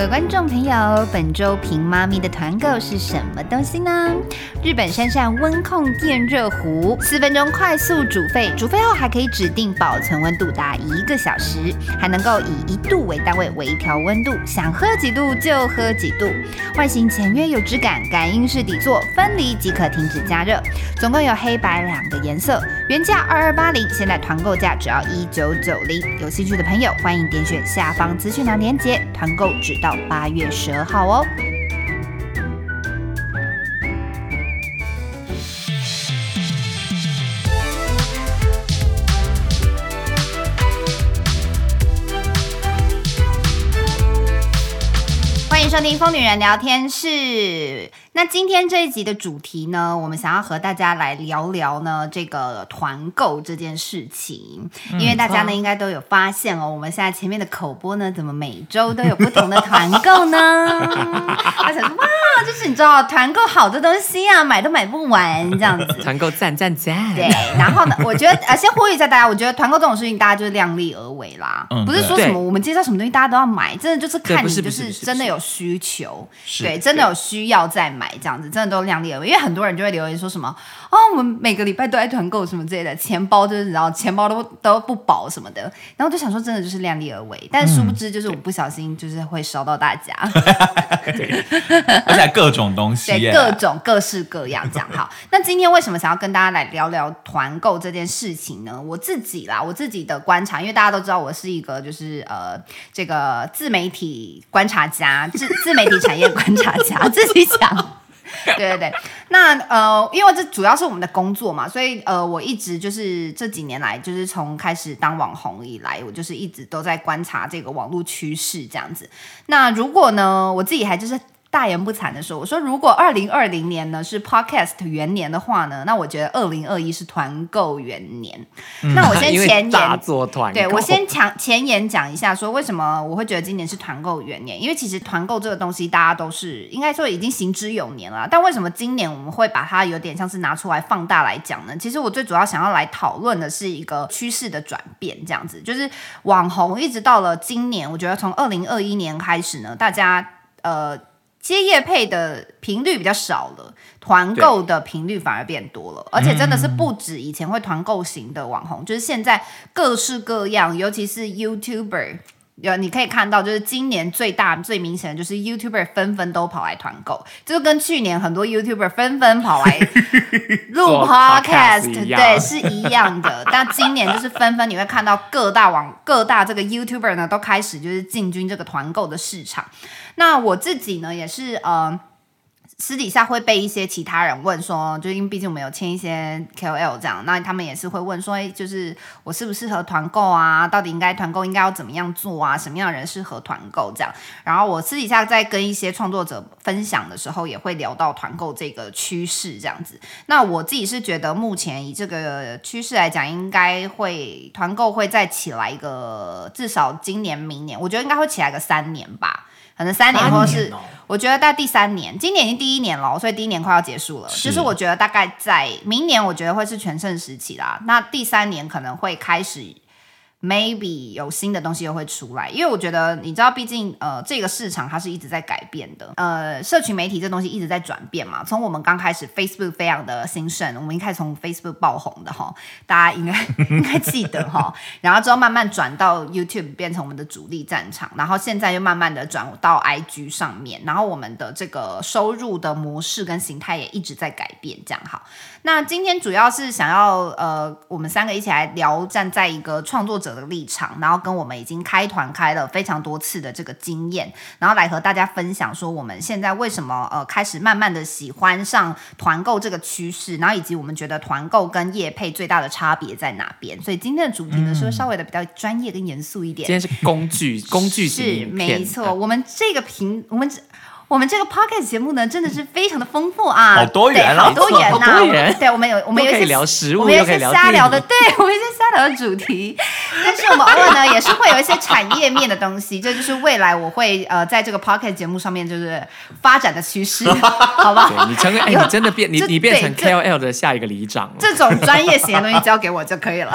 各位觀眾朋友，本周平媽咪的團購是什麼東西呢？日本山善溫控電熱壺，四分鐘快速煮沸，煮沸後還可以指定保存溫度達一個小時，還能夠以一度為單位微調溫度，想喝幾度就喝幾度。外形簡約有質感，感應式底座分離即可停止加熱，總共有黑白兩個顏色，原價二二八零，現在團購價只要一九九零。有興趣的朋友歡迎點選下方資訊欄鏈接，團購只到八月十二號哦，歡迎收聽《瘋女人聊天室》。那今天這一集的主題呢，我們想要和大家來聊聊呢，這個團購這件事情，因為大家呢、嗯、應該都有發現哦，我們現在前面的口播呢，怎麼每周都有不同的團購呢？而 且哇，就是你知道，團購好多東西啊，買都買不完這樣子。團購讚讚讚！對，然後呢，我覺得啊、呃，先呼籲一下大家，我覺得團購這種事情，大家就是量力而為啦，不是說什麼我們介紹什麼東西大家都要買，真的就是看你就是真的有需求，對，對，真的有需要再買。這樣子真的都量力而為，因為很多人就會留言說什麼哦，我們每個禮拜都愛團購什麼之類的，錢包就是然後錢包都都不保什麼的，然後就想說真的就是量力而為，但殊不知就是我不小心就是會燒到大家，嗯、對 對而且還各種東西，各種各式各樣這樣。好，那今天為什麼想要跟大家來聊聊團購這件事情呢？我自己啦，我自己的觀察，因為大家都知道我是一個就是呃這個自媒體觀察家，自自媒體產業觀察家， 自己講。 對對對，那呃，因為這主要是我們的工作嘛，所以呃，我一直就是這幾年來，就是從開始當網紅以來，我就是一直都在觀察這個網絡趨勢這樣子。那如果呢，我自己還就是。大言不慚的說，我說如果二零二零年呢是 podcast 元年的話呢，那我覺得二零二一是團購元年。嗯、那我先前言，做團，對我先前前言講一下，說為什麼我會覺得今年是團購元年？因為其實團購這個東西，大家都是應該說已經行之有年了、啊。但為什麼今年我們會把它有點像是拿出來放大來講呢？其實我最主要想要來討論的是一個趨勢的轉變，這樣子，就是網紅一直到了今年，我覺得從二零二一年開始呢，大家呃。接業配的頻率比較少了，團購的頻率反而變多了，而且真的是不止以前會團購型的網紅，嗯、就是現在各式各樣，尤其是 YouTuber，有你可以看到，就是今年最大最明顯的就是 YouTuber 紛紛都跑來團購，就跟去年很多 YouTuber 紛紛跑來錄 Podcast, Podcast 對、嗯，是一樣的。 但今年就是紛紛你會看到各大網各大這個 YouTuber 呢都開始就是進軍這個團購的市場。那我自己呢，也是呃，私底下會被一些其他人問說，就因為畢竟我們有簽一些 KOL 這樣，那他們也是會問說，就是我適不適合團購啊？到底應該團購應該要怎麼樣做啊？什麼樣的人適合團購這樣？然後我私底下在跟一些創作者分享的時候，也會聊到團購這個趨勢這樣子。那我自己是覺得，目前以這個趨勢來講，應該會團購會再起來一個，至少今年明年，我覺得應該會起來個三年吧。可能三年，或是，哦、我覺得到第三年，今年已經第一年了，所以第一年快要結束了。是，就是我覺得大概在明年，我覺得會是全盛時期啦。那第三年可能會開始。Maybe 有新的東西又會出來，因為我覺得你知道，畢竟呃，這個市場它是一直在改變的。呃，社群媒體這東西一直在轉變嘛，從我們剛開始 Facebook 非常的興盛，我們一開始從 Facebook 爆紅的哈，大家應該應該記得哈， 然後之後慢慢轉到 YouTube 變成我們的主力戰場，然後現在又慢慢的轉到 IG 上面，然後我們的這個收入的模式跟形態也一直在改變，這樣好。那今天主要是想要呃，我們三個一起來聊，站在一個創作者的立場，然後跟我們已經開團開了非常多次的這個經驗，然後來和大家分享說我們現在為什麼呃開始慢慢的喜歡上團購這個趨勢，然後以及我們覺得團購跟業配最大的差別在哪邊。所以今天的主題呢，嗯、是會稍微的比較專業跟嚴肅一點，今天是工具工具是沒錯、嗯，我們這個平我們只。我們這個 podcast 節目呢，真的是非常的豐富啊，好多元啊。好多元吶、啊啊，對，我們有我們有一些聊食物，我們有一些瞎聊的，聊對，我們有一些瞎聊的主題。 但是我們偶爾呢， 也是會有一些產業面的東西，這 就，就是未來我會呃在這個 podcast 節目上面就是發展的趨勢， 好吧？你成為哎，你真的變 你你變成 KOL 的下一個里長了， 這種專業型的東西交給我就可以了，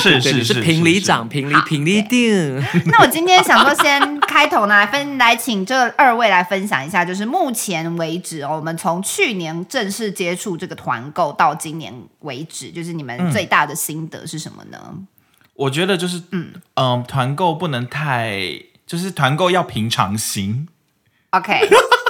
是 是是，平里長平里平里定。 那我今天想說，先開頭呢，分來請這二位來分享一下。下就是目前為止哦，我們從去年正式接觸這個團購到今年為止，就是你們最大的心得是什麼呢？嗯、我覺得就是嗯嗯，呃、團購不能太，就是團購要平常心。OK，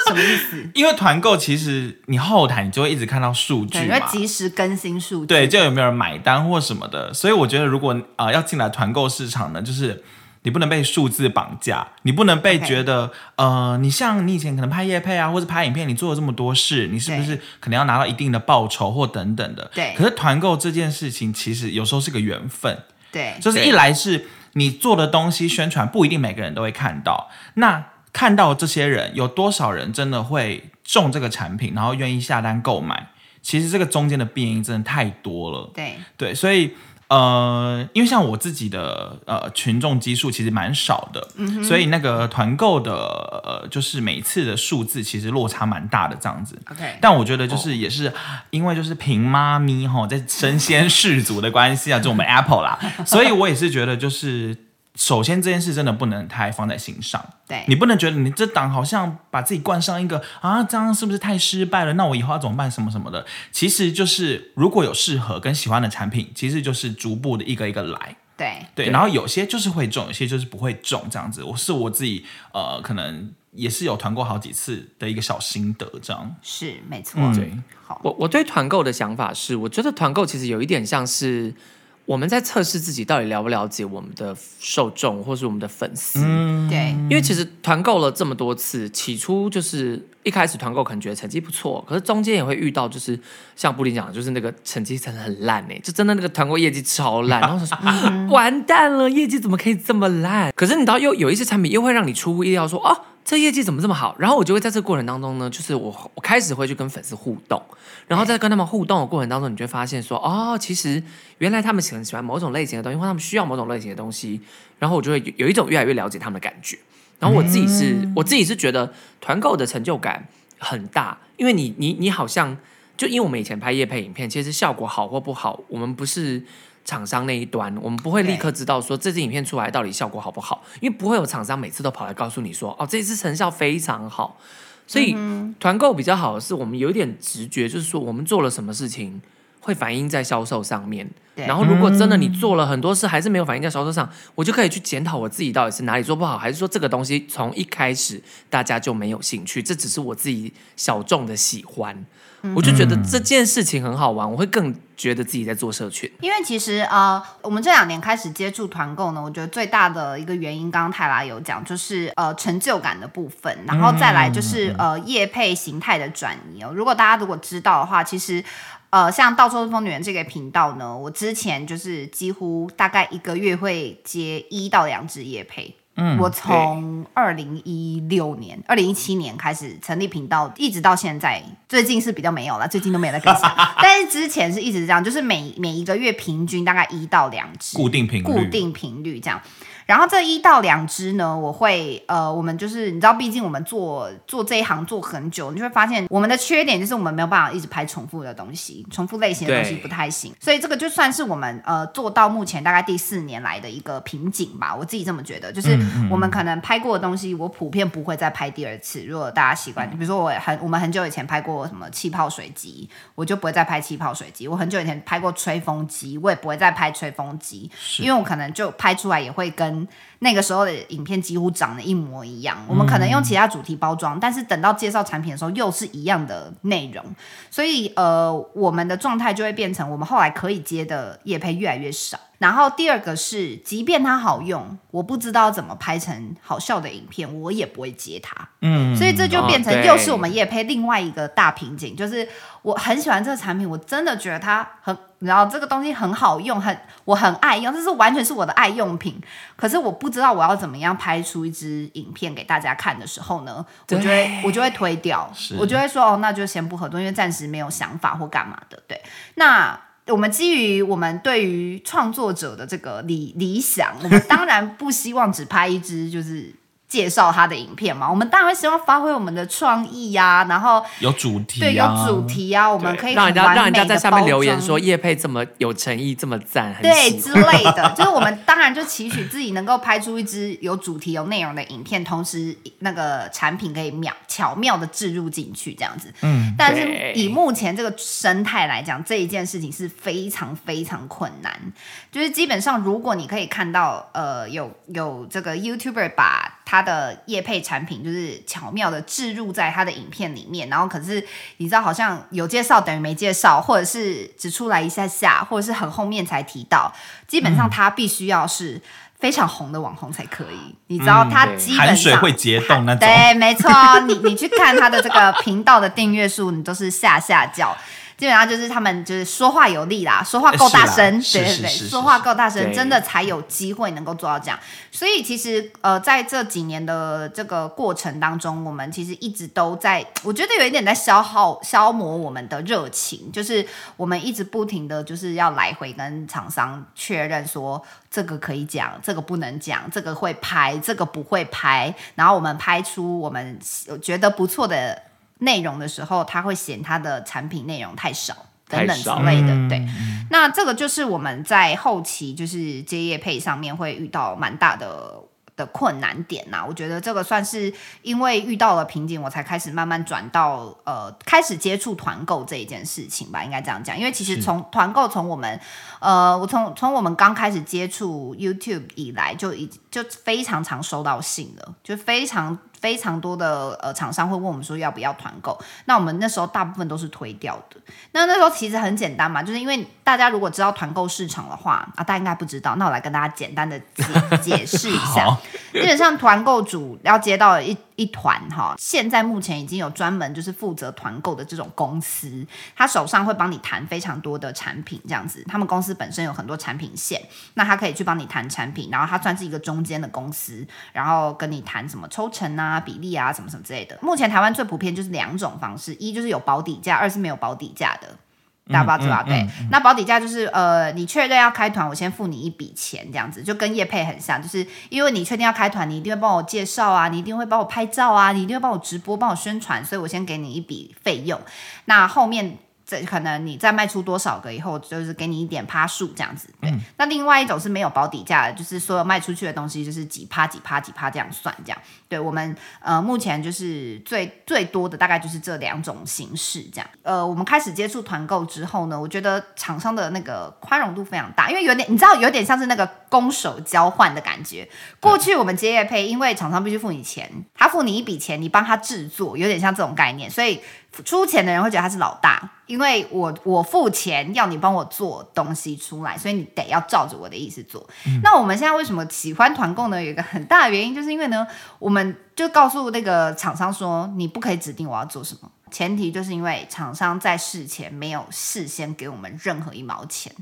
什麼意思？ 因為團購其實你後台你就會一直看到數據，你會及時更新數據，對，就有沒有人買單或什麼的。所以我覺得如果啊、呃、要進來團購市場呢，就是。你不能被數字綁架，你不能被覺得，okay. 呃，你像你以前可能拍業配啊，或者拍影片，你做了這麼多事，你是不是可能要拿到一定的報酬或等等的？對。可是團購這件事情其實有時候是個緣分，對，就是一來是你做的東西宣傳不一定每個人都會看到，那看到這些人有多少人真的會中這個產品，然後願意下單購買，其實這個中間的變因真的太多了。對對，所以。呃，因為像我自己的呃群眾基數其實蠻少的、嗯，所以那個團購的呃就是每次的數字其實落差蠻大的這樣子。OK，但我覺得就是也是、oh. 因為就是憑媽咪哈在身先士卒的關係啊， 就我們 Apple 啦，所以我也是覺得就是。 首先，這件事真的不能太放在心上。對，你不能覺得你這檔好像把自己灌上一個啊，這樣是不是太失敗了？那我以後要怎麼辦？什麼什麼的？其實就是如果有適合跟喜歡的產品，其實就是逐步的一個一個來。對對，然後有些就是會中，有些就是不會中，這樣子。我是我自己呃，可能也是有團購好幾次的一個小心得，這樣。是沒錯，嗯，對。好，我我對團購的想法是，我覺得團購其實有一點像是。我們在測試自己到底了不了解我們的受眾，或是我們的粉絲。對、嗯，因為其實團購了這麼多次，起初就是一開始團購可能覺得成績不錯，可是中間也會遇到，就是像布丁講，就是那個成績真的很爛誒、欸，就真的那個團購業績超爛，然、嗯、後 完蛋了，業績怎麼可以這麼爛？可是你到又有，有一些產品又會讓你出乎意料說，說哦。這業績怎麼這麼好？然後我就會在這個過程當中呢，就是我我開始會去跟粉絲互動，然後在跟他們互動的過程當中，你就發現說，哦，其實原來他們喜歡喜歡某種類型的東西，或他們需要某種類型的東西，然後我就會有一種越來越了解他們的感覺。然後我自己是，我自己是覺得團購的成就感很大，因為你你你好像就因為我們以前拍業配影片，其實效果好或不好，我們不是。廠商那一端，我們不會立刻知道說這支影片出來到底效果好不好，因為不會有廠商每次都跑來告訴你說，哦，這支成效非常好。所以嗯嗯團購比較好的是，我們有一點直覺，就是說我們做了什麼事情會反映在銷售上面。然後，如果真的你做了很多事，嗯、還是沒有反應在銷售上，我就可以去檢討我自己到底是哪裡做不好，還是說這個東西從一開始大家就沒有興趣？這只是我自己小眾的喜歡，嗯、我就覺得這件事情很好玩，我會更覺得自己在做社群。因為其實啊、呃，我們這兩年開始接觸團購呢，我覺得最大的一個原因，剛剛泰辣有講，就是呃成就感的部分，然後再來就是、嗯、呃業配形態的轉移哦。如果大家如果知道的話，其實呃像到處都是瘋女人這個頻道呢，我。之前就是幾乎大概一個月會接一到兩支業配，嗯，我從二零一六年、二零一七年開始成立頻道，一直到現在，最近是比較沒有了，最近都沒了。 但是之前是一直這樣，就是每每一個月平均大概一到兩支固定頻率固定頻率這樣。然後這一到兩支呢，我會呃，我們就是你知道，畢竟我們做做這一行做很久，你就會發現我們的缺點就是我們沒有辦法一直拍重複的東西，重複類型的東西不太行。所以這個就算是我們呃做到目前大概第四年來的一個瓶頸吧，我自己這麼覺得，就是我們可能拍過的東西，我普遍不會再拍第二次。如果大家習慣，嗯、比如說我很我們很久以前拍過什麼氣泡水機，我就不會再拍氣泡水機；我很久以前拍過吹風機，我也不會再拍吹風機，因為我可能就拍出來也會跟，那個時候的影片幾乎長得一模一樣，我們可能用其他主題包裝，但是等到介紹產品的時候又是一樣的內容，所以呃，我們的狀態就會變成我們後來可以接的業配越來越少。然後第二個是，即便它好用，我不知道怎麼拍成好笑的影片，我也不會接它。嗯，所以這就變成又是我們業配另外一個大瓶頸，嗯，就是我很喜歡這個產品，我真的覺得它很，然後這個東西很好用，很我很愛用，這是完全是我的愛用品。可是我不知道我要怎麼樣拍出一支影片給大家看的時候呢，我就會我就會推掉，我就會說哦，那就先不合作，因為暫時沒有想法或幹嘛的。對，那。我們基於我們對於創作者的這個理理想，我們當然不希望只拍一支，就是。介紹他的影片嘛。我們當然希望發揮我們的創意呀、啊，然後有主題、啊，對，有主題啊，我們可以讓人家、讓人家在下面留言說業配這麼有誠意，這麼讚，對之類的， 就是我們當然就期許自己能夠拍出一支有主題、有內容的影片，同時那個產品可以妙巧妙的置入進去，這樣子。嗯，但是以目前這個生態來講，這一件事情是非常非常困難。就是基本上，如果你可以看到，呃，有有這個 YouTuber 把他的業配產品就是巧妙的置入在他的影片裡面，然後可是你知道好像有介紹等於沒介紹，或者是只出來一下下，或者是很後面才提到。基本上他必須要是非常紅的網紅才可以。嗯、你知道他基本上、嗯、水會結凍那種，對，沒錯。你你去看他的這個頻道的訂閱數，你都是嚇嚇叫。基本上就是他們就是說話有力啦，說話夠大聲，啊、對對對，是是是是是，說話夠大聲，真的才有機會能夠做到這樣。所以其實呃，在這幾年的這個過程當中，我們其實一直都在，我覺得有一點在消耗、消磨我們的熱情，就是我們一直不停的就是要來回跟廠商確認說這個可以講，這個不能講，這個會拍，這個不會拍，然後我們拍出我們覺得不錯的。內容的時候，他會嫌他的產品內容太少等等之類的。嗯、對，那這個就是我們在後期就是接業配上面會遇到蠻大的的困難點吶、啊。我覺得這個算是因為遇到了瓶頸，我才開始慢慢轉到呃，開始接觸團購這一件事情吧，應該這樣講。因為其實從團購從我們呃，我從從我們剛開始接觸 YouTube 以來就，就已經就非常常收到信了，就非常。非常多的呃廠商會問我們說要不要團購，那我們那時候大部分都是推掉的。那那時候其實很簡單嘛，就是因為大家如果知道團購市場的話啊，大家應該不知道。那我來跟大家簡單的解， 解釋一下，基本上團購主要接到一。一團哈，現在目前已經有專門就是負責團購的這種公司，他手上會幫你談非常多的產品，這樣子。他們公司本身有很多產品線，那他可以去幫你談產品，然後他算是一個中間的公司，然後跟你談什麼抽成啊、比例啊、什麼什麼之類的。目前台灣最普遍就是兩種方式，一就是有保底價，二是沒有保底價的。大家知吧？對、嗯嗯，那保底價就是呃，你確認要開團，我先付你一筆錢，這樣子就跟業配很像，就是因為你確定要開團，你一定會幫我介紹啊，你一定會幫我拍照啊，你一定會幫我直播、幫我宣傳，所以我先給你一筆費用，那後面。這可能你再賣出多少個以後，就是給你一點趴數這樣子。對、嗯，那另外一種是沒有保底價的，就是所有賣出去的東西就是幾趴幾趴幾趴這樣算這樣。對，我們呃目前就是最最多的大概就是這兩種形式這樣。呃，我們開始接觸團購之後呢，我覺得廠商的那個寬容度非常大，因為有點你知道有點像是那個。攻守交換的感覺。過去我們接業配，因為廠商必須付你錢，他付你一筆錢，你幫他制作，有點像這種概念。所以出錢的人會覺得他是老大，因為我我付錢要你幫我做東西出來，所以你得要照着我的意思做。嗯。那我們現在為什麼喜歡團購呢？有一個很大的原因，就是因為呢，我們就告訴那個廠商說，你不可以指定我要做什麼，前提就是因為廠商在事前沒有事先給我們任何一毛錢。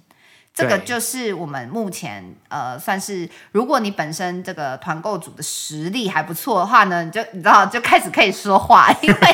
這個就是我們目前呃，算是如果你本身這個團購組的實力還不錯的話呢，你就你知道就開始可以說話，因為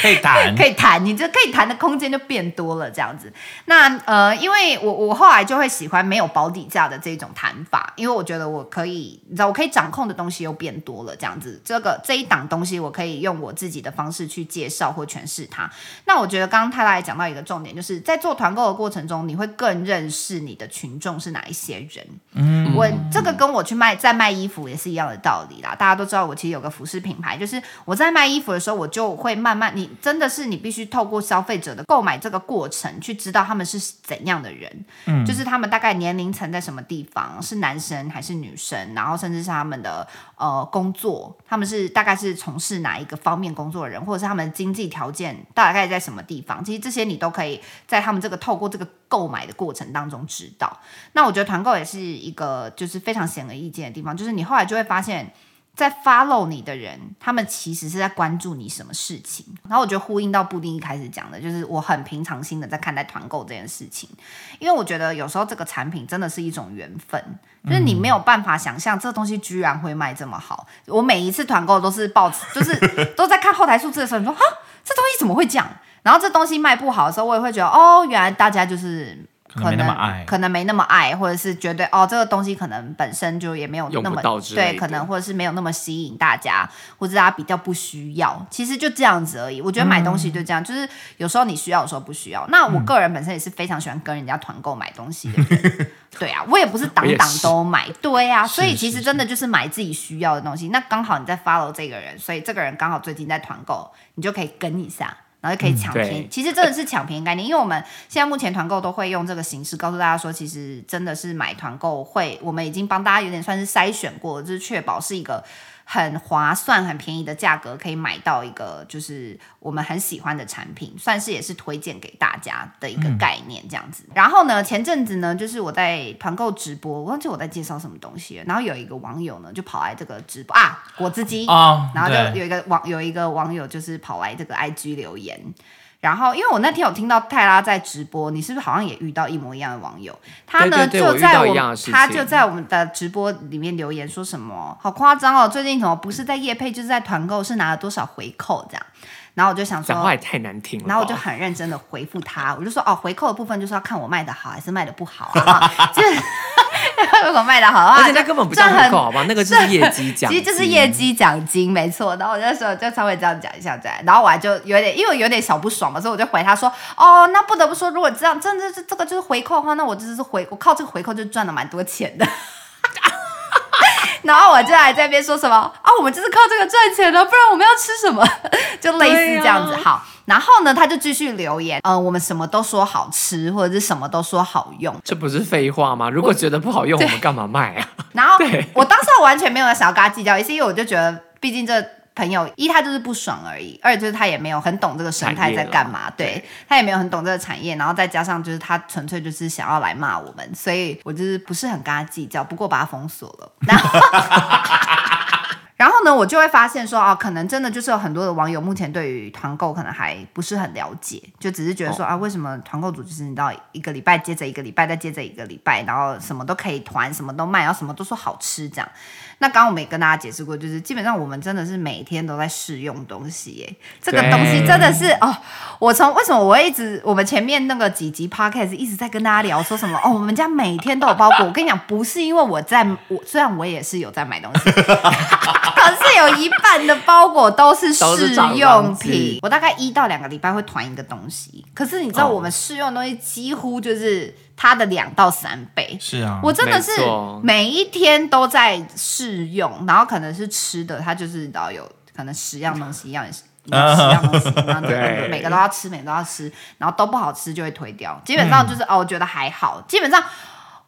可以談，可以談，你就可以談的空間就變多了這樣子。那呃，因為我我後來就會喜歡沒有保底價的這種談法，因為我覺得我可以你知道我可以掌控的東西又變多了這樣子。這個這一檔東西我可以用我自己的方式去介紹或詮釋它。那我覺得剛剛泰辣也講到一個重點，就是在做團購的過程中，你會更認識。你的群眾是哪一些人？嗯，我這個跟我去賣在賣衣服也是一樣的道理啦。大家都知道，我其實有個服飾品牌，就是我在賣衣服的時候，我就會慢慢，你真的是你必須透過消費者的購買這個過程去知道他們是怎樣的人。嗯，就是他們大概年齡層在什麼地方，是男生還是女生，然後甚至是他們的呃工作，他們是大概是從事哪一個方面工作的人，或者是他們經濟條件大概在什麼地方？其實這些你都可以在他們這個透過這個。購買的過程當中知道，那我覺得團購也是一個就是非常顯而易見的地方，就是你後來就會發現，在 follow 你的人，他們其實是在關注你什麼事情。然後我覺得呼應到布丁一開始講的，就是我很平常心的在看待團購這件事情，因為我覺得有時候這個產品真的是一種緣分，就是你沒有辦法想象這東西居然會賣這麼好。我每一次團購都是爆，就是都在看後台數字的時候說，你說哈，這東西怎麼會這樣？然後這東西賣不好的時候，我也會覺得哦，原來大家就是可能，可能沒那麼愛，可能沒那麼愛，或者是覺得哦，這個東西可能本身就也沒有那麼到對，可能或者是沒有那麼吸引大家，或者大家比較不需要。其實就這樣子而已。我覺得買東西就這樣，嗯，就是有時候你需要，有時候不需要。那我個人本身也是非常喜歡跟人家團購買東西的，嗯，對，對， 對啊，我也不是檔檔都買。對啊，是是是是，所以其實真的就是買自己需要的東西。那剛好你在 follow 這個人，所以這個人剛好最近在團購，你就可以跟一下。然後就可以搶便宜，嗯，其實真的是搶便宜概念，因為我們現在目前團購都會用這個形式告訴大家說，其實真的是買團購會，我們已經幫大家有點算是篩選過了，就是確保是一個。很划算、很便宜的價格可以買到一個就是我們很喜歡的產品，算是也是推薦給大家的一個概念這樣子。嗯。然後呢，前陣子呢，就是我在團購直播，忘記我在介紹什麼東西了。然後有一個網友呢，就跑來這個直播啊，果汁機。哦，然後就有一個網有一個網友就是跑來這個 IG 留言。然後，因為我那天有聽到泰辣在直播，你是不是好像也遇到一模一樣的網友？他呢，對對對，就在我們他就在我們的直播裡面留言說什麼，好誇張哦！最近怎麼不是在業配，就是在團購，是拿了多少回扣這樣？然後我就想說，講話也太難聽了。然後我就很認真的回復他，我就說哦，回扣的部分就是要看我賣的好還是賣的不好。 如果賣的好的話，而且他根本不叫回扣好吧？那個就是業績獎，其實就是業績獎金，沒錯。然後我那時候就稍微這樣講一下，再然後我還就有點，因為有點小不爽嘛，所以我就回他說：“哦，那不得不說，如果這樣，真的是這個就是回扣的話，那我就是回，我靠，這個回扣就賺了蠻多錢的。”然後我就來這邊說什麼啊？我們就是靠這個賺錢的，不然我們要吃什麼？ 就類似這樣子、啊。好，然後呢，他就繼續留言，嗯、呃，我們什麼都說好吃或者是什麼都說好用，這不是廢話嗎？如果覺得不好用，我，我們幹嘛賣啊？然後我當時我完全沒有想要跟他計較，也是因為我就覺得，畢竟這。朋友一，他就是不爽而已；二，就是他也沒有很懂這個生態在幹嘛，對，對他也沒有很懂這個產業，然後再加上就是他純粹就是想要來罵我們，所以我就是不是很跟他計較，不過把他封鎖了。然後 然後呢，我就會發現說，啊，可能真的就是有很多的網友目前對於團購可能還不是很了解，就只是覺得說，哦、啊，為什麼團購主就是你到一個禮拜接着一個禮拜，再接着一個禮拜，然後什麼都可以團，什麼都賣，然後什麼都說好吃這樣。那剛剛我們也跟大家解釋過，就是基本上我們真的是每天都在試用東西，耶。這個東西真的是哦，我從為什麼我一直我們前面那個幾集 podcast 一直在跟大家聊說什麼，哦，我們家每天都有包裹。 我跟你講，不是因為我在我，雖然我也是有在買東西。 可是有一半的包裹都是試用品，我大概一到兩個禮拜會團一個東西。可是你知道，我們試用的東西幾乎就是它的兩到三倍。是啊，我真的是每一天都在試用，然後可能是吃的，它就是知道有可能十樣東西，一樣也是，十樣東西，每個都要吃，每個都要吃，然後都不好吃就會推掉。基本上就是哦，我覺得還好。基本上。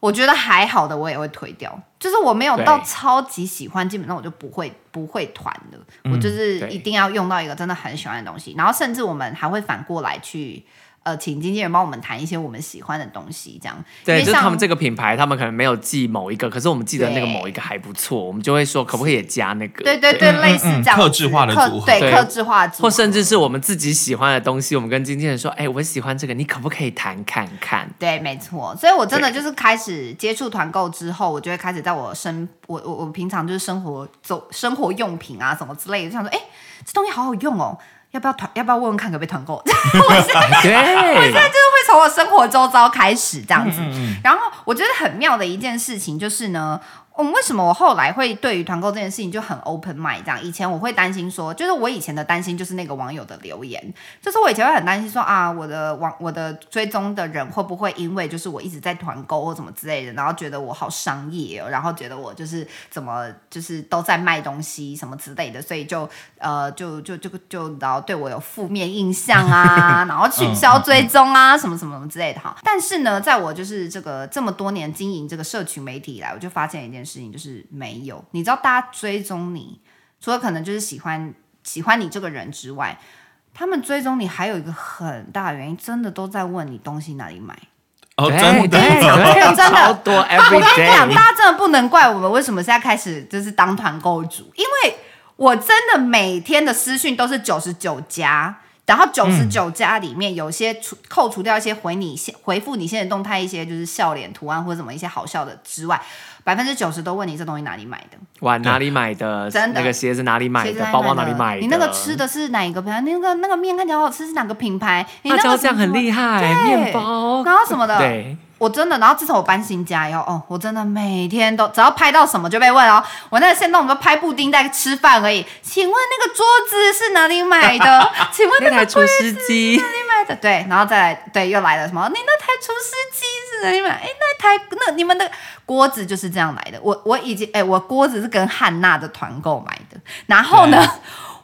我覺得還好的，我也會推掉。就是我沒有到超級喜歡，基本上我就不會不會團的。我就是一定要用到一個真的很喜歡的東西。嗯、然後甚至我們還會反過來去。呃，請經紀人幫我們談一些我們喜歡的東西，這樣。對像，就他們這個品牌，他們可能沒有記某一個，可是我們記得那個某一個還不錯，我們就會說可不可以也加那個？對對對，嗯、對類似這樣。特製化、化的組合。對，特製化組合，或甚至是我們自己喜歡的東西，我們跟經紀人說：“哎、欸，我喜歡這個，你可不可以談看看？”對，沒錯。所以，我真的就是開始接觸團購之後對，我就會開始在我生，我我我平常就是生活、走生活用品啊什麼之類的，就想說：“哎、欸，這東西好好用哦。”要不要團？要不要問問看可不可以團購？ 我現在，Okay. 我現在就是會從我生活周遭開始這樣子。嗯嗯嗯。然後我覺得很妙的一件事情就是呢。嗯、哦，為什麼我後來會對於團購這件事情就很 open mind 這樣？以前我會擔心說，就是我以前的擔心就是那個網友的留言，就是我以前會很擔心說啊，我的網我的追蹤的人會不會因為就是我一直在團購或什麼之類的，然後覺得我好商業、哦，然後覺得我就是怎麼就是都在賣東西什麼之類的，所以就呃就就就就然後對我有負面印象啊， 然後取消追蹤啊什麼 什麼什麼之類的哈。但是呢，在我就是這個這麼多年經營這個社群媒體以來，我就發現一件事。事情就是沒有，你知道，大家追蹤你，除了可能就是喜歡喜歡你這個人之外，他們追蹤你還有一個很大的原因，真的都在問你東西哪裡買。哦，真的，真的，多、啊。我跟你講，大家真的不能怪我們，為什麼現在開始就是當團購主，因為我真的每天的私訊都是九十九加。然後九十九家裡面，有些除扣除掉一些回你現、嗯、回復你現在動態一些，就是笑臉圖案或者什麼，一些好笑的之外，百分之九十都問你這東西哪裡買的，哇，哪裡買的，真的那個鞋子哪裡買的，子買的，包包哪裡買的，你那個吃的是哪一個品牌，你那個那個麵看起來好，好吃是哪個品牌，辣椒醬很厲害，麵包，然後什麼的。對。我真的，然後自從我搬新家以後，哦，我真的每天都只要拍到什麼就被問哦。我那個現在我們拍布丁在吃飯而已，請問那個桌子是哪裡買的？請問那台廚師機是哪裡買的？ 對，然後再來，對，又來了什麼？你那台廚師機是哪裡買？誒，那台，那，你們的鍋子就是這樣來的。我，我已經，誒，我鍋子是跟漢娜的團購買的。然後呢？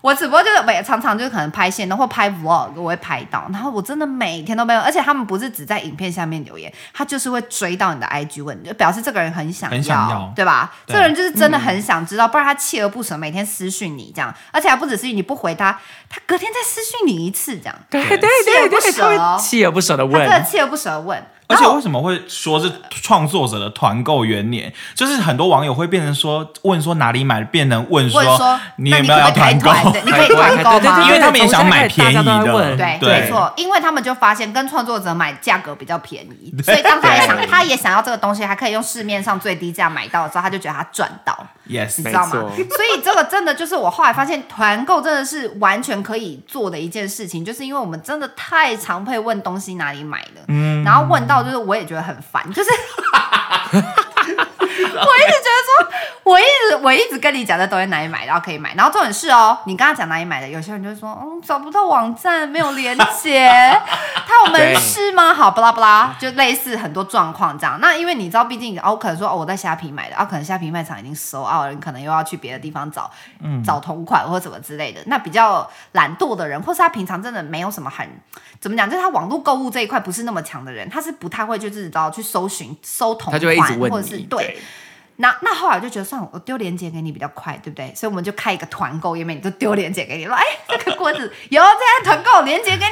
我只不過就是每常常就可能拍線，或拍 Vlog，我會拍到。然後我真的每天都沒有，而且他們不是只在影片下面留言，他就是會追到你的 IG 問，就表示這個人很想要，很想要，對吧？對這個人就是真的很想知道，不然他鍥而不捨每天私訊你這樣，而且還不只是你不回他，他隔天再私訊你一次這樣。對對對對，對對對，鍥而不捨哦，鍥而不捨的問，他真的鍥而不捨的問。而且為什麼會說是創作者的團購元年？哦，就是很多網友會變成說問說哪裡買，變成問說，問說你有沒有要團購？你可以團購嗎？對對對對，因為他們也想買便宜的，對，沒錯，因為他們就發現跟創作者買價格比較便宜，所以當他也想他也想要這個東西，還可以用市面上最低價買到的時候，他就覺得他賺到了。Yes，你知道嗎？所以這個真的就是我後來發現，團購真的是完全可以做的一件事情，就是因為我們真的太常被問東西哪裡買了，然後問到就是我也覺得很煩，就是。 Okay. 我一直覺得說，我一直我一直跟你講在抖音哪裡買的，然後可以買，然後重點是哦，你跟他講哪裡買的，有些人就會說，嗯、哦，找不到網站，沒有連結，他有門市嗎？好，巴拉巴拉，就類似很多狀況這樣。那因為你知道畢，畢竟哦，可能說哦，我在蝦皮買的，哦、可能蝦皮賣場已經收，奧、啊、了，你可能又要去別的地方找，找同款或者怎麼之類的。嗯、那比較懶惰的人，或是他平常真的沒有什麼很怎麼講，就是他網絡購物這一塊不是那麼強的人，他是不太會就是知道去搜尋搜同款，或者是對。對那那後來我就覺得，算了，我丟鏈接給你比較快，對不對？所以我們就開一個團購頁面，你就丟鏈接給你說，哎，這個鍋子有，這邊團購鏈接給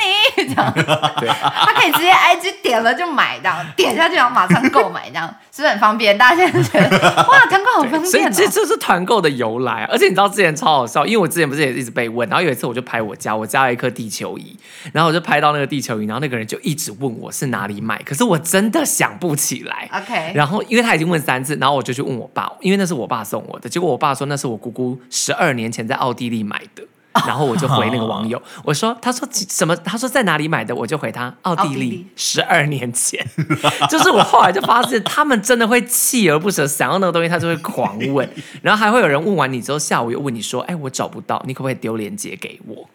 你，這樣他可以直接 IG 點了就買，這樣點下去然後馬上購買，這樣是不是很方便？大家現在覺得哇，團購好方便。所以這是團購的由來啊。而且你知道之前超好笑，因為我之前不是也一直被問，然後有一次我就拍我家，我加了一顆地球儀，然後我就拍到那個地球儀，然後那個人就一直問我是哪裡買，可是我真的想不起來。OK，然後因為他已經問三次，然後我就去。問我爸，因為那是我爸送我的。結果我爸說那是我姑姑十二年前在奧地利買的，啊。然後我就回那個網友，啊、我說：“他說什麼？他說在哪裡買的？”我就回他：“奧地利，十二年前。 ”就是我後來就發現，他們真的會鍥而不捨，想要那個東西，他就會狂問。 然後還會有人問完你之後，下午又問你說：“哎，我找不到，你可不可以丟鏈接給我？”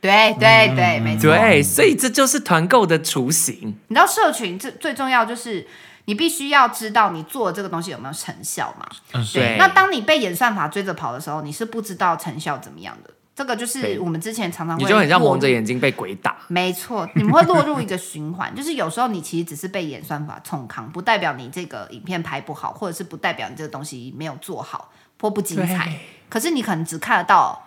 對對對，、嗯、對，沒錯。對，所以這就是團購的雛形。你知道社群最最重要就是。你必須要知道你做的這個東西有沒有成效嘛？嗯、對，對。那當你被演算法追着跑的時候，你是不知道成效怎麼樣的。這個就是我們之前常常會你就很像蒙着眼睛被鬼打。沒錯，你們會落入一個循環， 就是有時候你其實只是被演算法衝康，不代表你這個影片拍不好，或者是不代表你這個東西沒有做好，或不精彩。可是你可能只看得到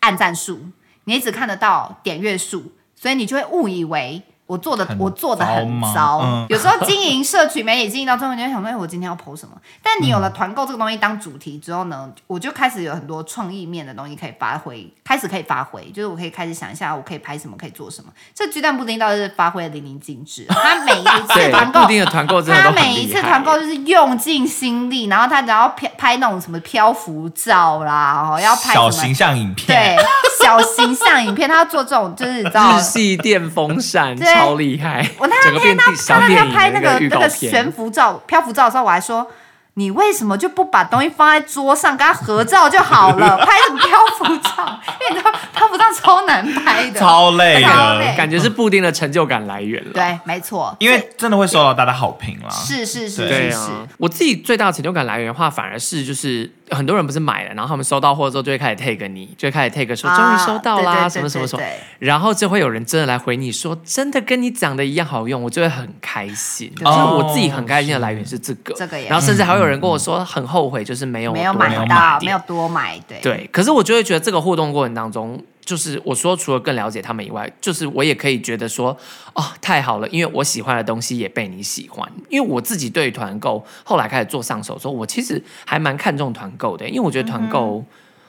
按讚數，你只看得到點閱數，所以你就會誤以為。我做的我做的很糟，嗯、有時候經營社群媒體經營到最後，你就會想說哎，我今天要 Po 什麼？但你有了團購這個東西當主題之後呢，嗯、我就開始有很多創意面的東西可以發揮，開始可以發揮，就是我可以開始想一下，我可以拍什麼，可以做什麼。這 G 蛋布丁倒是發揮的淋漓盡致，他每一次團購定的團購，他每一次團購就是用盡心力，然後他只要拍拍那種什麼漂浮照啦，然、哦、後要拍什麼小形象影片，對小形象影片， 他要做這種就是你知道日系電風扇，對。.超厲害！我那天，天、那個、看他他他拍那個那個懸浮照、漂浮照的時候，我還說你為什麼就不把東西放在桌上跟他合照就好了？ 拍什麼漂浮照？ 因為你知道漂浮照超難拍的，超累的，感覺是布丁的成就感來源了。對，沒錯，因為真的會受到大家好評了。是是是是是，啊，我自己最大的成就感來源的話，反而是就是。很多人不是買了，然後他們收到貨之後就會開始 take 你，就會開始 take 說、啊、終於收到啦，什麼什麼什麼，然後就會有人真的來回你說，真的跟你講的一樣好用，我就會很開心，就是我自己很開心的來源是這個。這個、哦、然後甚至還會有人跟我說、嗯、很後悔，就是沒有買沒有買到，沒有買沒有多買，對對。可是我就會覺得這個互動過程當中。就是我說，除了更了解他們以外，就是我也可以覺得說，哦，太好了，因為我喜歡的東西也被你喜歡。因為我自己對團購後來開始做上手之後，我其實還蠻看重團購的欸，因為我覺得團購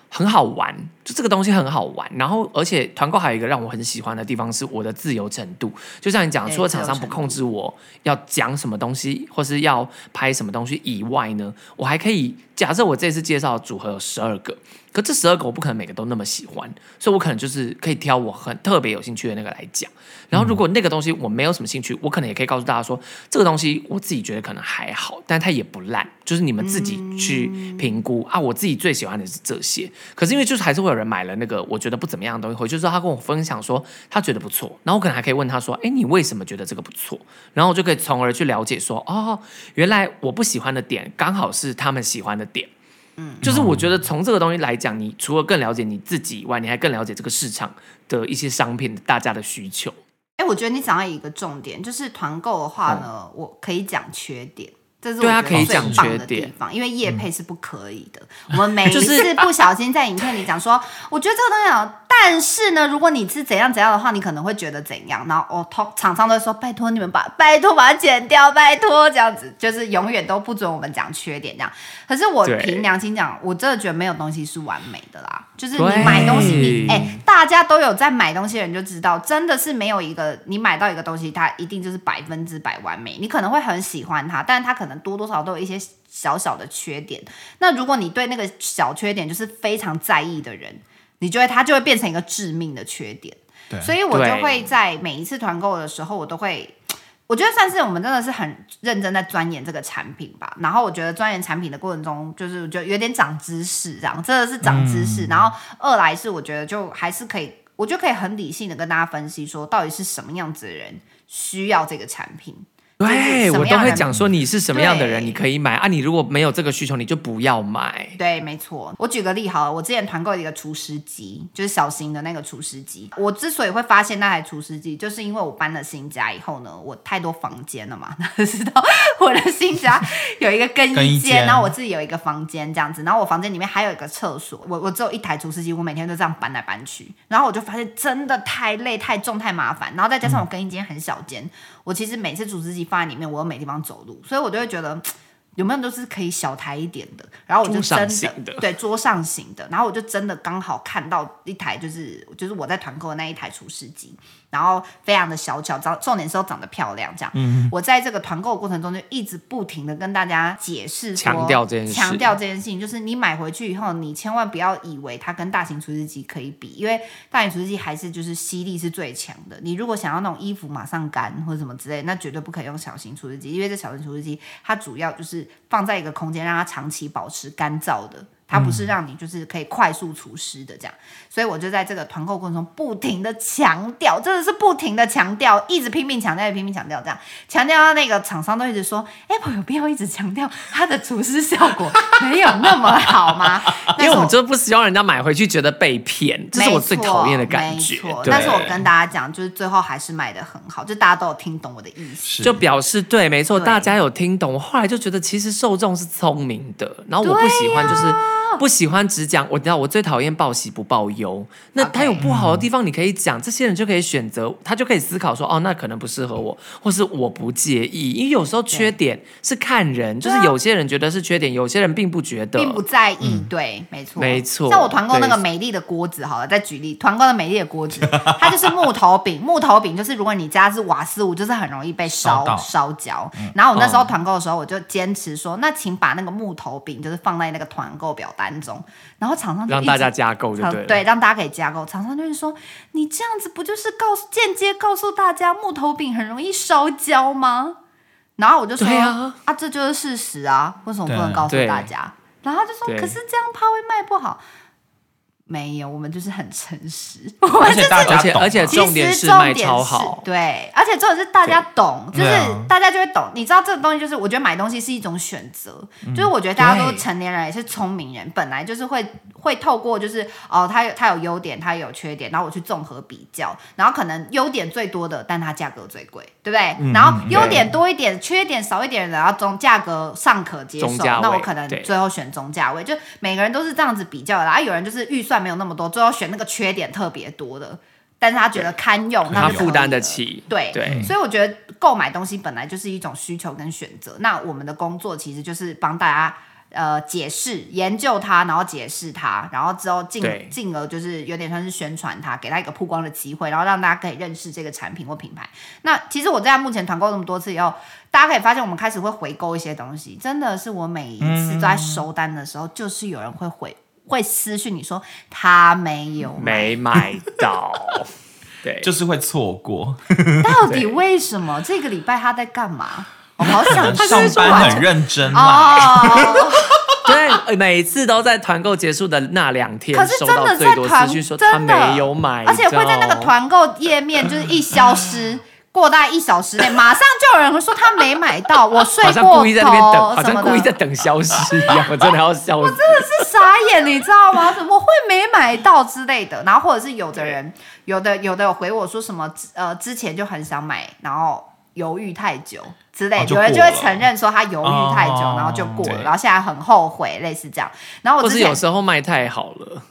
很好玩。就這個東西很好玩，然後而且團購還有一個讓我很喜歡的地方，是我的自由程度。就像你講，除了廠商不控制我要講什麼東西，或是要拍什麼東西以外呢，我還可以假設我這次介紹組合有十二個，可這十二個我不可能每個都那麼喜歡，所以我可能就是可以挑我很特別有興趣的那個來講。然後如果那個東西我沒有什麼興趣，我可能也可以告訴大家說，這個東西我自己覺得可能還好，但它也不爛，就是你們自己去評估啊。我自己最喜歡的是這些，可是因為就是還是會有。人買了那個我覺得不怎麼樣的東西，回去之後他跟我分享說他覺得不錯，然後我可能還可以問他說，哎，你為什麼覺得這個不錯？然後我就可以從而去了解說，哦，原來我不喜歡的點剛好是他們喜歡的點。嗯，就是我覺得從這個東西來講，嗯，你除了更了解你自己以外，你還更了解這個市場的一些商品大家的需求。哎，我覺得你想要一個重點，就是團購的話呢，嗯，我可以講缺點。這是我覺得最棒的地方，對他、啊、可以講缺點，因為業配是不可以的、嗯。我們每一次不小心在影片裡講說、 就是，我覺得這個東西好，但是呢，如果你是怎樣怎樣的話，你可能會覺得怎樣。然後我通廠商都會說，拜托你們把，拜托把它剪掉，拜托這樣子，就是永遠都不准我們講缺點這樣。可是我憑良心講，我真的覺得沒有東西是完美的啦。就是你買東西你，你誒，大家都有在買東西的人就知道，真的是沒有一個你買到一個東西，它一定就是百分之百完美。你可能會很喜歡它，但它可能多多少少都有一些小小的缺點。那如果你對那個小缺點就是非常在意的人，你覺得它就會變成一個致命的缺點。對，所以我就會在每一次團購的時候，我都會。我覺得算是我們真的是很認真在鑽研這個產品吧。然後我覺得鑽研產品的過程中，就是我覺得有點長知識，這樣真的是長知識，嗯。然後二來是我覺得就還是可以，我就可以很理性的跟大家分析說，到底是什麼樣子的人需要這個產品。對、就是，我都會講說，你是什麼樣的人，你可以買啊。你如果沒有這個需求，你就不要買。對，沒錯。我舉個例好了，我之前團購一個除濕機，就是小型的那個除濕機。我之所以會發現那台除濕機，就是因為我搬了新家以後呢，我太多房間了嘛，知 道我的新家有一個更衣， 更衣間，然後我自己有一個房間這樣子，然後我房間裡面還有一個廁所。我我只有一台除濕機，我每天都這樣搬來搬去，然後我就發現真的太累、太重、太麻煩。然後再加上我更衣間很小間。嗯。我其實每次廚師機放在裡面，我都沒地方走路，所以我都會覺得有沒有都是可以小台一點的。然後我就真的，的對桌上型的，然後我就真的剛好看到一台，就是就是我在團購的那一台廚師機。然後非常的小巧，重點是要長得漂亮。這樣、嗯，我在這個團購的過程中就一直不停的跟大家解釋說，強調這件事，強調這件事情，就是你買回去以後，你千萬不要以為它跟大型除濕機可以比，因為大型除濕機還是就是吸力是最強的。你如果想要那種衣服馬上乾或者什麼之類，那絕對不可以用小型除濕機，因為這小型除濕機它主要就是放在一個空間讓它長期保持乾燥的。它不是讓你就是可以快速除濕的這樣、嗯，所以我就在這個團購過程中不停的強調，真的是不停的強調，一直拼命強調，一直拼命強調這樣，強調到那個廠商都一直說，Apple 有必要一直強調它的除濕效果沒有那麼好嗎？ 因為我們就不希望人家買回去覺得被騙，這是我最討厭的感覺。但是我跟大家講，就是最後還是買得很好，就大家都有聽懂我的意思，就表示對，沒錯，大家有聽懂。我後來就覺得其實受眾是聰明的，然後我不喜歡就是。哦、不喜歡只講我知道，我最討厭報喜不報憂。那他有不好的地方，你可以講，這些人就可以選擇，他就可以思考說，哦，那可能不適合我，或是我不介意，因為有時候缺點是看人，啊、就是有些人覺得是缺點，有些人並不覺得，並不在意。嗯、對，沒錯，沒錯。像我團購那個美麗的鍋子，好了，再舉例，團購的美麗的鍋子，它就是木頭柄，木頭柄就是如果你家是瓦斯爐，就是很容易被燒燒，燒焦、嗯。然後我那時候團購的時候，我就堅持說、嗯，那請把那個木頭柄就是放在那個團購表單中，然後廠商就讓大家加購就對，對對，讓大家可以加購。廠商就是說，你這樣子不就是告訴、間接告訴大家木頭餅很容易燒焦嗎？然後我就說啊，啊，這就是事實啊，為什麼不能告訴大家？然後就說，可是這樣怕會賣不好。沒有，我們就是很誠實， 是而且、啊、其實重點是賣超好，對，而且重點是大家懂，就是大家就會懂、啊。你知道這個東西就是，我覺得買東西是一種選擇，嗯、就是我覺得大家都成年人也是聰明人，本來就是會會透過就是哦，他有他有優點，他有缺點，然後我去綜合比較，然後可能優點最多的，但它價格最貴，對不對？嗯、然後優點多一點，缺點少一點，然後中價格尚可接受，那我可能最後選中價位，就每個人都是這樣子比較的啦。然後有人就是預算。沒有那麼多，最後選那個缺點特別多的，但是他覺得堪用，那他負擔得起，對對，所以我覺得購買東西本來就是一種需求跟選擇。那我們的工作其實就是幫大家呃解釋、研究它，然後解釋它，然後之後進進而就是有點算是宣傳它，給它一個曝光的機會，然後讓大家可以認識這個產品或品牌。那其實我在目前團購那麼多次以後，大家可以發現我們開始會回購一些東西，真的是我每一次在收單的時候，嗯、就是有人會回。會私訊你說他沒有買沒買到， 對，就是會錯過。到底為什麼這個禮拜他在幹嘛？我好想上班很認真嘛、 哦？ 對，每次都在團購結束的那兩天，可是真的在團收到最多私訊說他沒有買，而且會在那個團購頁面就是一消失。 過大概一小時內，馬上就有人說他沒買到。 我睡過頭故意在那邊等什麼的，好像故意在等消息一樣。我真的要笑，我真的是傻眼，你知道嗎？怎麼會沒買到之類的？然後或者是有的人，有的有的有回我說什麼呃之前就很想買，然後猶豫太久之類，啊，有人就會承認說他猶豫太久，哦，然後就過了，然後現在很後悔，類似這樣。然後我就是有時候賣太好了。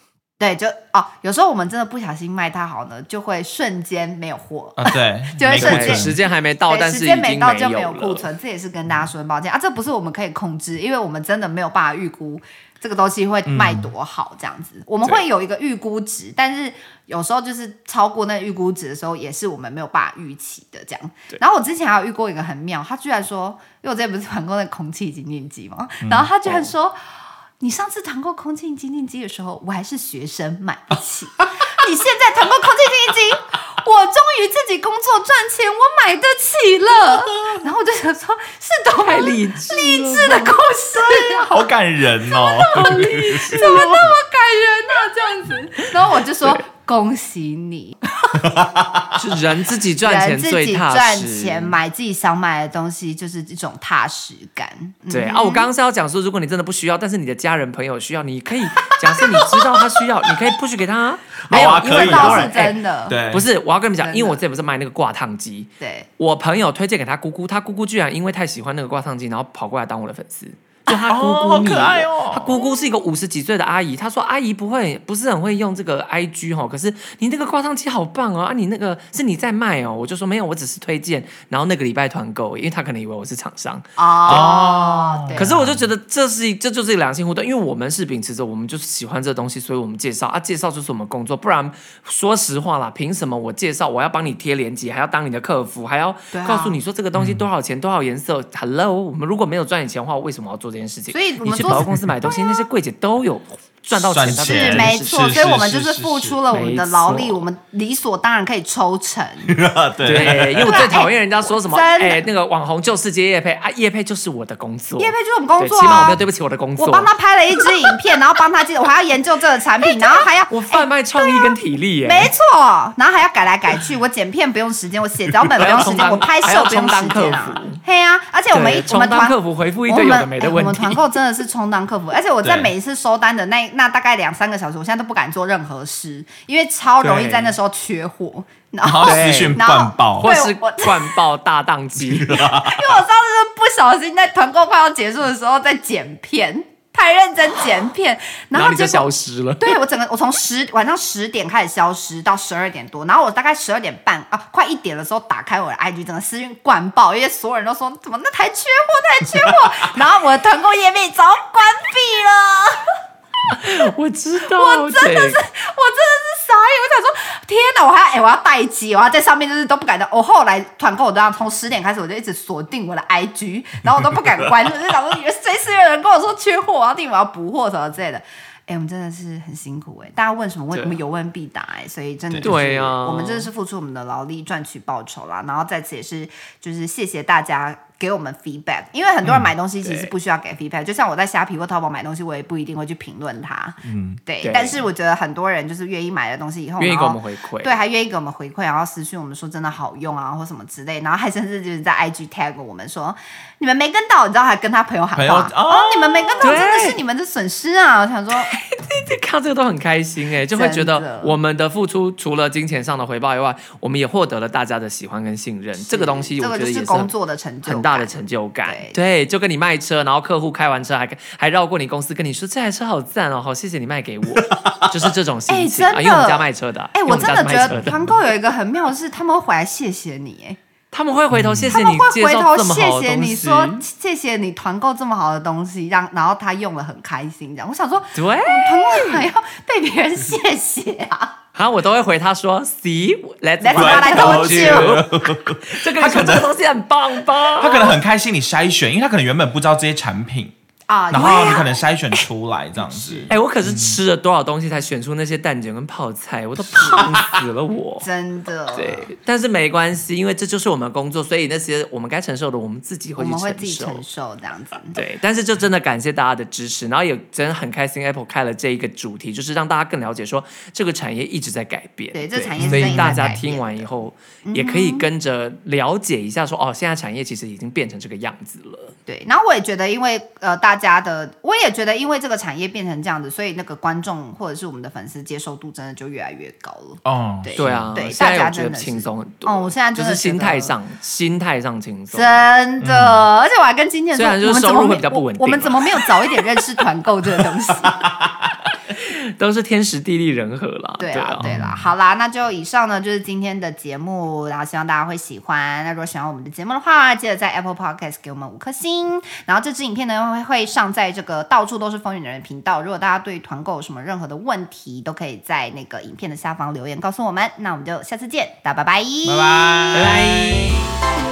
對，就哦，有時候我們真的不小心賣太好呢，就會瞬間沒有貨、啊。對， 就會瞬間時間還沒到，但是時間沒到就沒有庫存、嗯。這也是跟大家說抱歉啊，這不是我們可以控制，因為我們真的沒有辦法預估這個東西會賣多好這樣子。嗯、我們會有一個預估值，但是有時候就是超過那預估值的時候，也是我們沒有辦法預期的這樣。然後我之前還有遇過一個很妙，他居然說，因為我這不是團購的空氣清淨機嘛，然後他居然說。你上次團購空氣清淨機的時候，我還是學生，買不起。 你現在團購空氣清淨機， 我終於自己工作賺錢，我買得起了。 然後我就想說，是多勵志勵志的故事、啊，好感人哦！怎麼那麼勵志？怎麼那麼感人呢、啊？這樣子， 然後我就說。恭喜你！是 人自己賺錢最踏實。賺錢買自己想買的東西，就是一種踏實感。對、嗯、啊，我剛剛是要講說，如果你真的不需要，但是你的家人朋友需要，你可以假設你知道他需要， 你可以 push 給他。沒 有、哎哦啊，因為倒是真的、哎。對，不是，我要跟你們講，因為我之前不是賣那個掛燙機，對，我朋友推薦給他姑姑，他姑姑居然因為太喜歡那個掛燙機，然後跑過來當我的粉絲。就他姑姑、啊，他、好可愛哦、姑姑是一個五十幾歲的阿姨。她說：“阿姨不會，不是很會用這個 I G 哈。可是你那個掛燙機好棒哦！啊，你那個是你在賣哦？我就說沒有，我只是推薦。然後那個禮拜團購，因為他可能以為我是廠商啊。哦，對。可是我就覺得這是這就是良性互動，因為我們是秉持着我們就是喜歡這東西，所以我們介紹啊，介紹就是我們工作。不然，說實話啦，憑什麼我介紹，我要幫你貼鏈接，還要當你的客服，還要告訴你說這個東西多少錢，啊嗯、多少顏色？Hello，我們如果沒有賺你錢的話，我為什麼要做？”這件事情，你去百貨公司買東西，啊、那些櫃姐都有。賺到錢，錢是沒錯，所以，我們就是付出了我們的勞力，是是是是我們理所當然可以抽成。對，對，對，因為我最討厭人家說什麼，哎、欸欸，那個網紅就是接業配，啊，業配就是我的工作，業配就是我們工作，啊。起碼我沒有對不起我的工作。我幫他拍了一支影片，然後幫他記， 我還要研究這個產品，然後還要我販賣創意跟體力，欸欸啊。沒錯，然後還要改來改去，我剪片不用時間，我寫腳本不用時間， 我拍攝不用時間啊。嘿呀、啊，而且我們一，我們團回復一堆有的沒的問題，我們團購、欸欸、真的是充當客服， 而且我在每一次收單的那。那大概兩三個小時，我現在都不敢做任何事，因為超容易在那時候缺貨，然後私訊灌爆，或是灌爆大當機。 因為我上次不小心在團購快要結束的時候在剪片，太認真剪片， 然後，然後你就消失了。對，我整個我從十晚上十點開始消失到十二點多，然後我大概十二點半啊快一點的時候打開我的 IG，整個私訊灌爆，因為所有人都說怎麼那台缺貨，那台缺貨， 然後我的團購頁面早關閉了。 我知道，我真的是，okay. 我真的是傻眼。我想說，天哪，我還要，欸、我要待機，我要在上面，就是都不敢的。我後來團購，我都要從十點開始，我就一直鎖定我的 IG，然後我都不敢關，我 就想說，以為隨時有人跟我說缺貨，然後立我要補貨什麼之類的。哎、欸，我們真的是很辛苦哎、欸，大家問什麼問什麼，有問必答哎、欸，所以真的、就是，對、啊、我們真的是付出我們的勞力賺取報酬啦。然後在此也是，就是謝謝大家。給我們 feedback，因為很多人買東西其實不需要給 feedback，、嗯、就像我在蝦皮或淘寶買東西，我也不一定會去評論它。嗯對，對。但是我覺得很多人就是願意買的東西以後願意給我們回饋，對，還願意給我們回饋，然後私訊我們說真的好用啊，或什麼之類，然後還甚至就是在 IG tag 我們說你們沒跟到，你知道還跟他朋友喊話朋友哦，哦，你們沒跟到真的是你們的損失啊。我想說看這個都很開心哎、欸，就會覺得我們的付出除了金錢上的回報以外，我們也獲得了大家的喜歡跟信任，這個東西我，這個就是我覺得也是工作的成就很大他的成就感對對，對，就跟你賣車，然後客戶開完車還還繞過你公司跟你說這台車好讚哦，好謝謝你賣給我， 就是這種心情，有、欸啊、我們家賣車的，哎、欸，我真的覺得團購有一個很妙的是他們會回來謝謝你，哎，他們會回頭謝謝你，嗯，他們會回頭謝謝你說謝謝你團購這麼好的東西，讓然後他用了很開心這樣，我想說，對，團、嗯、購還要被別人謝謝啊。 啊，我都會回他說，See，Let's... Let's not, I told you. You. 就跟你說他可能這個東西很棒吧，他可能很開心你篩選，因為他可能原本不知道這些產品。然後你可能篩選出來這樣子哎，哎，我可是吃了多少東西才選出那些蛋卷跟泡菜，我都胖死了我，我 真的。對，但是沒關係，因為這就是我們工作，所以那些我們該承受的，我們自己會去承受。我們會自己承受這樣子。對，但是就真的感謝大家的支持，然後也真的很開心，Apple 開了這一個主題，就是讓大家更了解說這個產業一直在改變。對，對這產業一直在改變。所以大家聽完以後也可以跟着了解一下說，說、嗯、哦，現在產業其實已經變成這個樣子了。對，然後我也覺得，因為呃大。家的，我也覺得，因為這個產業變成這樣子，所以那個觀眾或者是我們的粉絲接受度真的就越來越高了。哦，對，對啊，對，大家真的輕鬆很多。哦，我現在就是心態上，心態上輕鬆。真的、嗯，而且我還跟今天雖然說，收入比較不穩定，我們怎麼我，我們怎麼沒有早一點認識團購這個東西？ 都是天時地利人和啦。對啊，對啦、啊嗯啊，好啦，那就以上呢，就是今天的節目，然後希望大家會喜歡。那如果喜歡我們的節目的話，記得在 Apple Podcast 給我們五顆星。然後這支影片呢會會上在這個到處都是瘋女人的頻道。如果大家對於團購有什麼任何的問題，都可以在那個影片的下方留言告訴我們。那我們就下次見，大家拜拜，拜拜，拜拜。Bye bye